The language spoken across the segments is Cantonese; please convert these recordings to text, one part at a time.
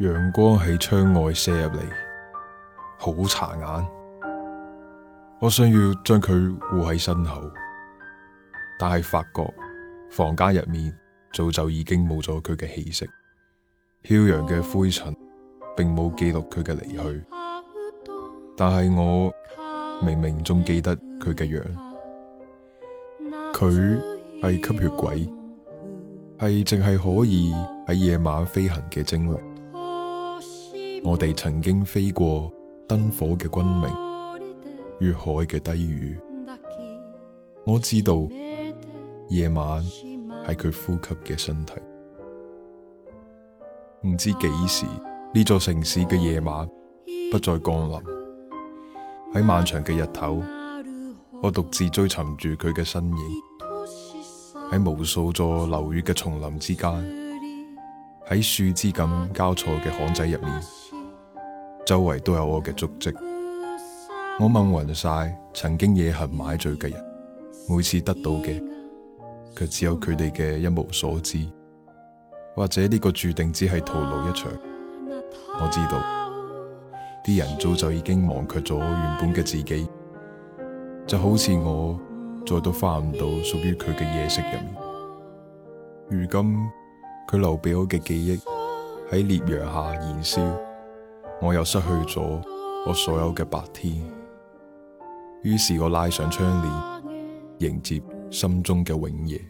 陽光喺窗外射入嚟，好刺眼。我想要將佢護喺身後，但係發覺房間入面早就已經冇咗佢嘅氣息。飄揚嘅灰塵並冇記錄佢嘅離去，但係我明明仲記得佢嘅樣。佢係吸血鬼，係淨係可以喺夜晚飛行嘅精靈。我哋曾經飛過燈火嘅軍鳴，越海嘅低語。我知道夜晚係佢呼吸嘅身體，唔知幾時呢座城市嘅夜晚不再降臨。喺漫長嘅日頭，我獨自追尋住佢嘅身影，喺無數座樓宇嘅叢林之間，喺樹枝咁交錯嘅巷仔入面。周圍都有我嘅足迹，我問匀晒曾經夜行買醉嘅人，每次得到嘅，卻只有佢哋嘅一無所知，或者呢個注定只係徒勞一場。我知道，啲人早就已經忘卻咗原本嘅自己，就好似我再都翻唔到屬於佢嘅夜色入面。如今佢留畀我嘅記憶喺烈陽下燃燒。我又失去咗我所有嘅白天，於是我拉上窗簾，迎接心中嘅永夜。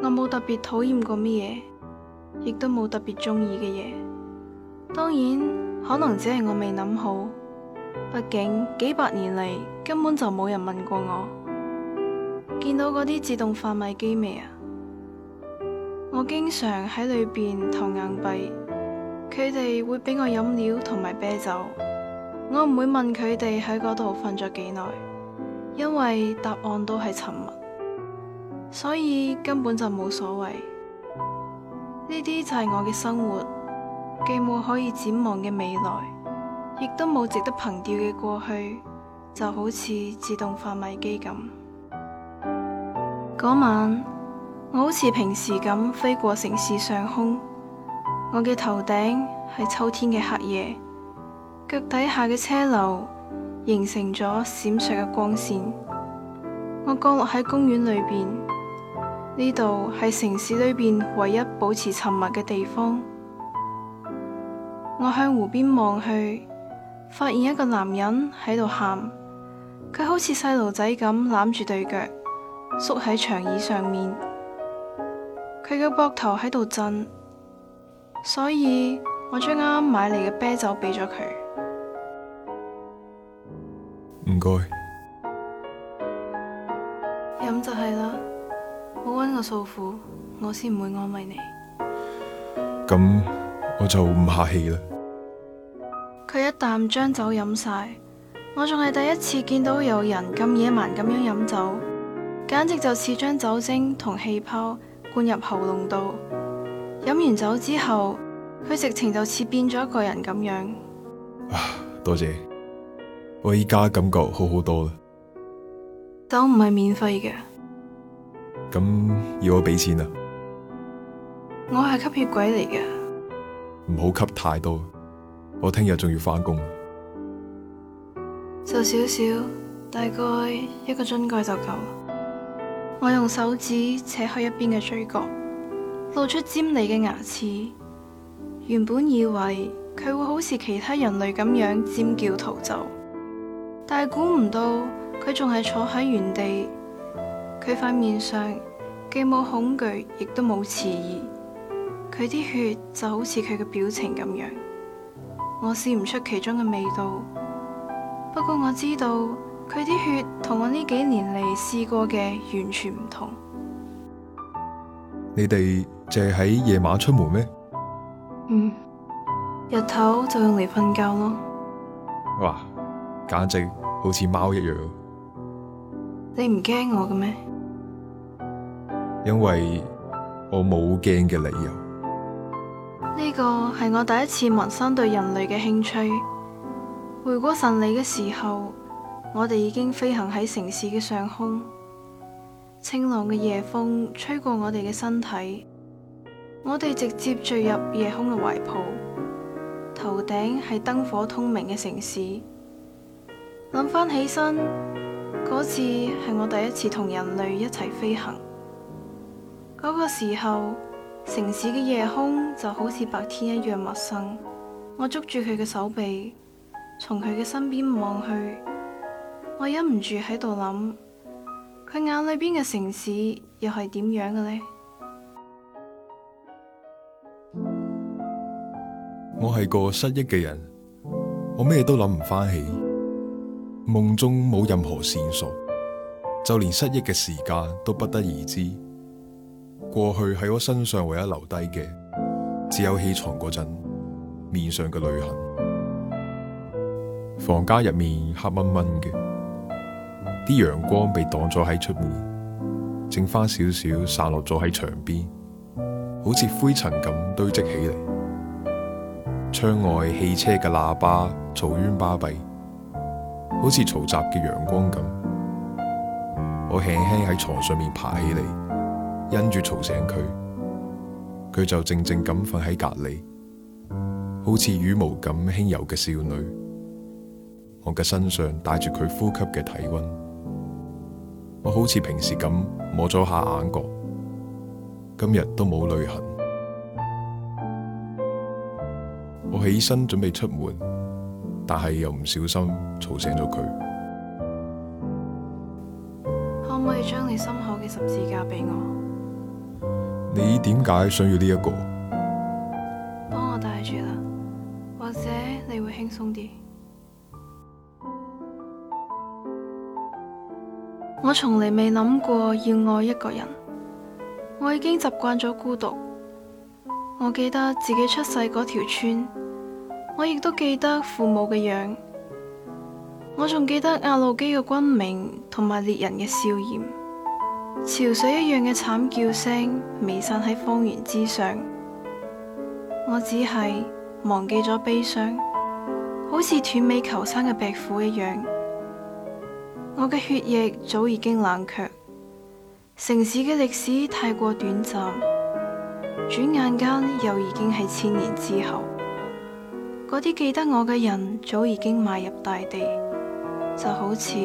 我冇特別討厭過咩嘢，亦都冇特別鍾意嘅嘢。當然，可能只係我未諗好。畢竟幾百年嚟根本就冇人問過我。見到嗰啲自動販賣機未啊？我經常喺裏邊投硬幣，佢哋會俾我飲料同埋啤酒。我唔會問佢哋喺嗰度瞓咗幾耐，因為答案都係沉默，所以根本就冇所謂。呢啲就係我嘅生活，既冇可以展望嘅未來，亦都冇值得憑弔嘅過去，就好似自動販賣機咁。嗰晚。我好似平時咁飛過城市上空，我嘅頭頂係秋天嘅黑夜，腳底下嘅車流形成咗閃爍嘅光線。我降落喺公園裏邊，呢度係城市裏邊唯一保持沉默嘅地方。我向湖邊望去，發現一個男人喺度喊，佢好似細路仔咁攬住對腳，縮喺長椅上面。佢嘅膊頭喺度震，所以我將啱買嚟嘅啤酒俾咗佢。唔該煩，飲就係啦，唔好搵我訴苦，我先唔會安慰你。咁我就唔客氣啦。佢一啖將酒飲晒，我仲係第一次見到有人咁野蠻咁樣飲酒，簡直就似將酒精同氣泡。灌入喉嚨度，飲完酒之後，佢直情就似變咗一個人咁樣啊。多謝，我依家感覺好好多啦。酒唔係免費嘅，咁要我俾錢啊？我係吸血鬼嚟嘅，唔好吸太多，我聽日仲要翻工。就少少，大概一個樽蓋就夠。我用手指扯開一邊嘅嘴角，露出尖利嘅牙齒。原本以為佢會好似其他人類咁樣尖叫逃走，但係估唔到佢仲係坐喺原地。佢塊面上既冇恐懼，亦都冇遲疑。佢啲血就好似佢嘅表情咁樣，我試唔出其中嘅味道。不過我知道。佢啲血同我呢幾年嚟試過嘅完全唔同。你哋淨係喺夜晚出門咩？嗯，日頭就用嚟瞓覺咯。哇，簡直好似貓一樣。你唔驚我嘅咩？因為我冇驚嘅理由。呢個係我第一次萌生對人類嘅興趣。回過神嚟嘅時候，我哋已經飛行喺城市嘅上空，清朗嘅夜風吹過我哋嘅身體，我哋直接墜入夜空嘅懷抱。頭頂係燈火通明嘅城市，諗翻起身，嗰次係我第一次同人類一齊飛行。嗰個時候，城市嘅夜空就好似白天一樣陌生。我捉住佢嘅手臂，從佢嘅身邊望去。我忍唔住喺度諗，佢眼裏邊嘅城市又係點樣嘅呢？我係個失憶嘅人，我咩都諗唔翻起，夢中冇任何線索，就連失憶嘅時間都不得而知。過去喺我身上唯一留低嘅，只有起床嗰陣面上嘅淚痕。房間入面黑蚊蚊嘅。啲陽光被擋咗喺出面，剩翻少少散落咗喺牆邊，好似灰塵咁堆積起嚟。窗外汽車嘅喇叭嘈喧巴閉，好似嘈雜嘅陽光咁。我輕輕喺床上面爬起嚟，因住嘈醒佢，佢就靜靜咁瞓喺隔離，好似羽毛咁輕柔嘅少女。我嘅身上帶住佢呼吸嘅體温。我好似平時咁摸咗下眼角，今日都冇淚痕。我起身準備出門，但係又唔小心吵醒咗佢。可唔可以將你心口嘅十字架俾我？你點解想要呢一個？幫我戴住啦，或者你會輕鬆啲。我從來未諗過要愛一個人，我已經習慣咗孤獨。我記得自己出世嗰條村，我亦都記得父母嘅樣，我仲記得阿路基嘅軍名同埋獵人嘅笑顏，潮水一樣嘅慘叫聲彌散喺荒原之上。我只係忘記咗悲傷，好似斷尾求生嘅壁虎一樣。我嘅血液早已經冷卻，城市嘅歷史太過短暫，轉眼間又已經係千年之後。嗰啲記得我嘅人早已經埋入大地,就好似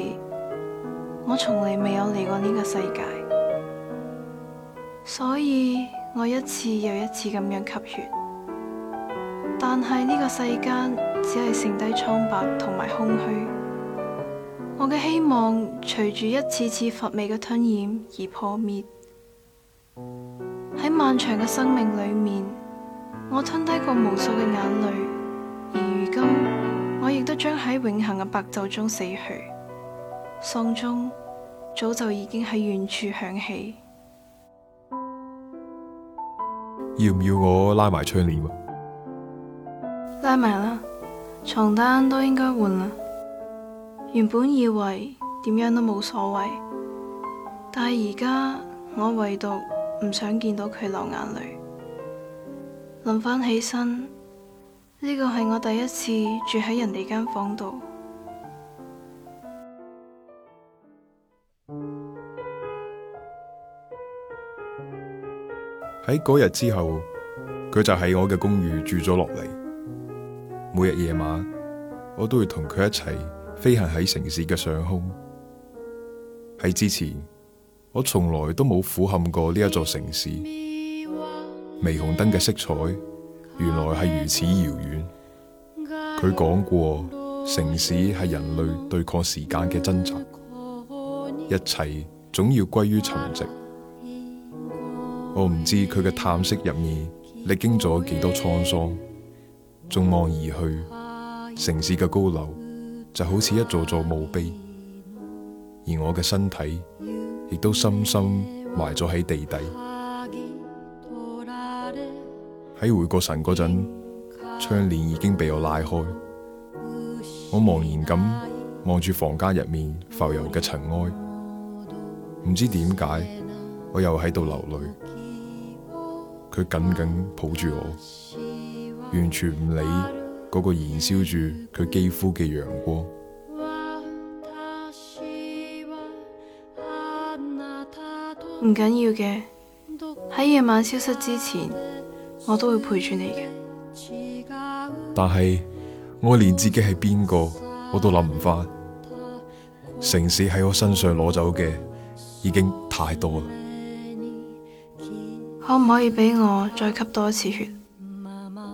我從嚟未有嚟過呢個世界。所以我一次又一次咁樣吸血，但係呢個世間只係剩低蒼白同埋空虛。我嘅希望隨住一次次乏味嘅吞咽而破滅。喺漫長嘅生命裏面，我吞低過無數嘅眼淚，而如今我亦都將喺永恆嘅白晝中死去。喪鐘早就已經喺遠處響起。要唔要我拉埋窗簾啊？拉埋啦，床單都應該換啦。原本以為點樣都冇所謂，但係而家我唯獨唔想見到佢流眼淚。諗翻起身，呢個係我第一次住喺人哋間房度。喺嗰日之後，佢就喺我嘅公寓住咗落嚟。每日夜晚，我都會同佢一齊。飛行喺城市嘅上空，喺之前我從來都冇俯瞰過呢一座城市。霓虹燈嘅色彩，原來係如此遙遠。佢講過，城市係人類對抗時間嘅掙扎，一切總要歸於沉寂。我唔知佢嘅嘆息入面歷經咗幾多滄桑，縱望而去，城市嘅高樓。就好似一座座墓碑，而我嘅身體亦都深深埋咗喺地底。喺回過神嗰陣，窗簾已經被我拉開，我茫然咁望住房間入面浮游嘅塵埃，唔知點解我又喺度流淚。佢緊緊抱住我，完全唔理。嗰個燃燒住佢肌膚嘅陽光，唔緊要嘅。喺夜晚消失之前，我都會陪住你嘅。但係我連自己係邊個我都諗唔翻，城市喺我身上攞走嘅已經太多啦。可唔可以俾我再吸多一次血？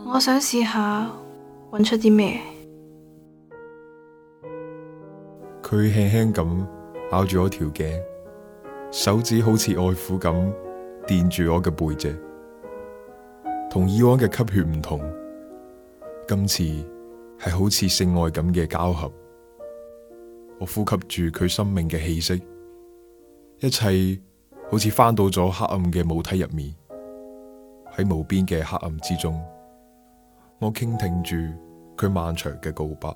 我想試下。搵出啲咩？佢輕輕咁咬住我條頸，手指好似愛撫咁墊住我嘅背脊，同以往嘅吸血唔同，今次係好似性愛咁嘅交合。我呼吸住佢生命嘅氣息，一切好似翻到咗黑暗嘅母體入面，喺無邊嘅黑暗之中，我傾聽住。佢漫長嘅告白，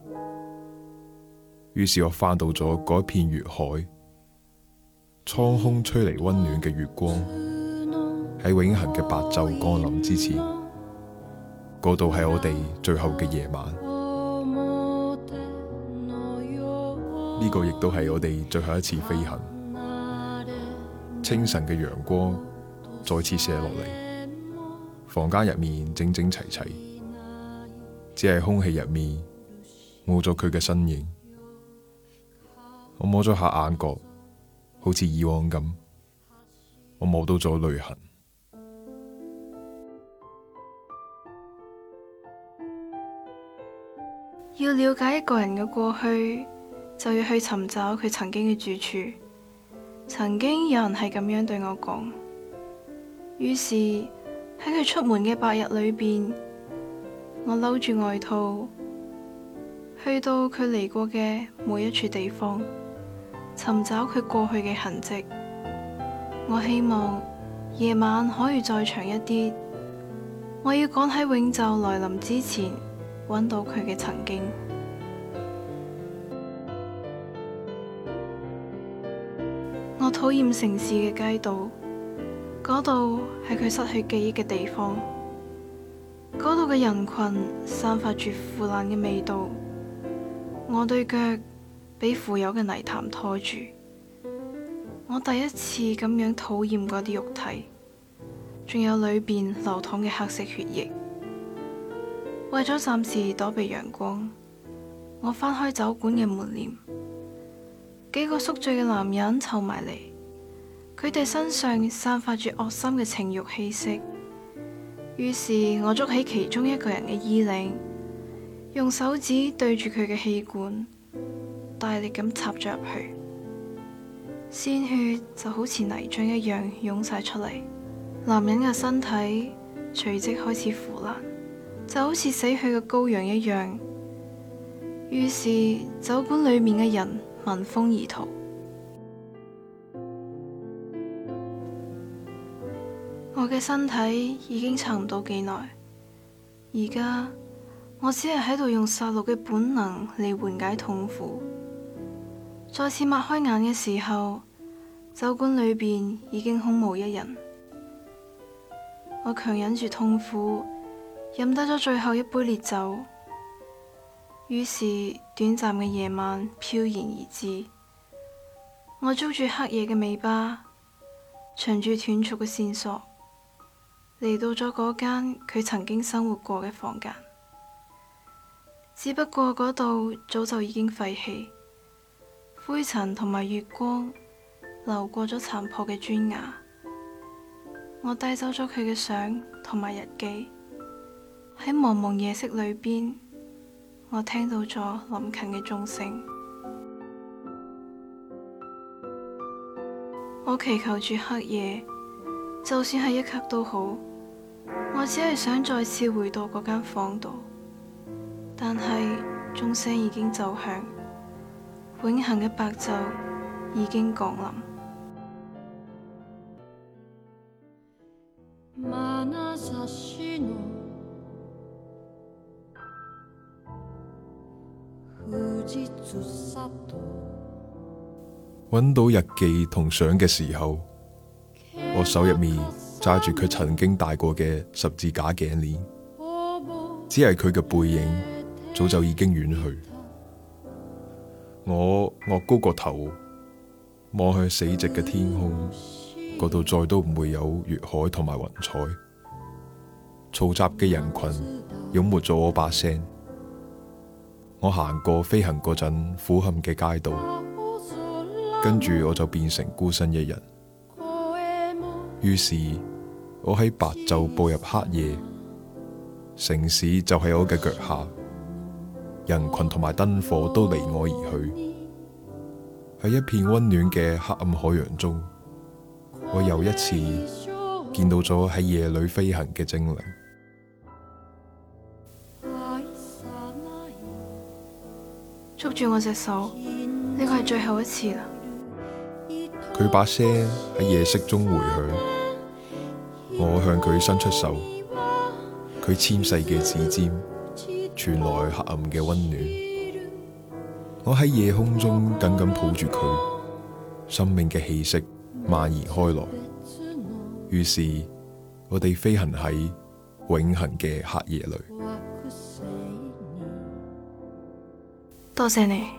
於是我翻到咗嗰一片月海，蒼空吹嚟溫暖嘅月光，喺永恆嘅白晝降臨之前，嗰度係我哋最後嘅夜晚，呢個亦都係我哋最後一次飛行。清晨嘅陽光再次射落嚟，房間入面整整齊齊。只係空氣入面冇咗佢嘅身影，我摸咗下眼角，好似以往咁，我摸到咗淚痕。要了解一個人嘅過去，就要去尋找佢曾經嘅住處。曾經有人係咁樣對我講，於是喺佢出門嘅白日裏邊。我摟住外套，去到佢嚟過嘅每一處地方，尋找佢過去嘅痕迹。我希望夜晚可以再長一啲，我要趕喺永晝來臨之前，揾到佢嘅曾經。我討厭城市嘅街道，嗰度係佢失去記憶嘅地方。嗰度嘅人群散發住腐爛嘅味道，我對腳俾腐朽嘅泥潭拖住，我第一次咁樣討厭嗰啲肉體，仲有裏邊流淌嘅黑色血液。為咗暫時躲避陽光，我翻開酒館嘅門簾，幾個宿醉嘅男人湊埋嚟，佢哋身上散發住惡心嘅情欲氣息。於是我捉起其中一個人嘅衣領，用手指對住佢嘅氣管，大力咁插咗入去，鮮血就好似泥漿一樣湧晒出嚟。男人嘅身體隨即開始腐爛，就好似死去嘅羔羊一樣。於是酒館裏面嘅人聞風而逃。我嘅身體已經撐唔到幾耐，而家我只係喺度用殺戮嘅本能嚟緩解痛苦。再次擘開眼嘅時候，酒館裏邊已經空無一人。我強忍住痛苦，飲得咗最後一杯烈酒。於是短暫嘅夜晚飄然而至。我捉住黑夜嘅尾巴，尋住斷續嘅線索。嚟到咗嗰間佢曾經生活過嘅房間，只不過嗰度早就已經廢棄，灰塵同埋月光流過咗殘破嘅磚瓦。我帶走咗佢嘅相同埋日記，喺茫茫夜色裏邊，我聽到咗臨近嘅鐘聲。我祈求住黑夜，就算係一刻都好。我只係想再次回到嗰間房度，但係鐘聲已經奏響，永恒嘅白晝已經降臨。揾到日記同相嘅時候，我手入面。揸住佢曾經戴過嘅十字架頸鏈，只係佢嘅背影早就已經遠去。我昂高個頭望向死寂嘅天空，嗰度再都唔會有月海同埋雲彩。嘈雜嘅人群淹沒咗我把聲，我行過飛行嗰陣俯瞰嘅街道，跟住我就變成孤身一人。於是，我喺白晝步入黑夜，城市就喺我嘅腳下，人群同埋燈火都離我而去，喺一片溫暖嘅黑暗海洋中，我又一次見到咗喺夜裏飛行嘅精靈。捉住我隻手，呢個係最後一次啦。佢把聲喺夜色中回響，我向佢伸出手，佢纖細嘅指尖傳來黑暗嘅溫暖。我喺夜空中緊緊抱住佢，生命嘅氣息蔓延開來。於是，我哋飛行喺永恆嘅黑夜裏。多謝你。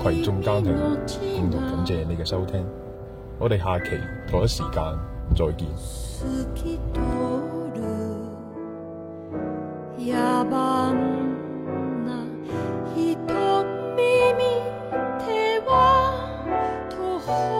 攜眾家庭，共同感謝你嘅收聽，我哋下期同一時間再見。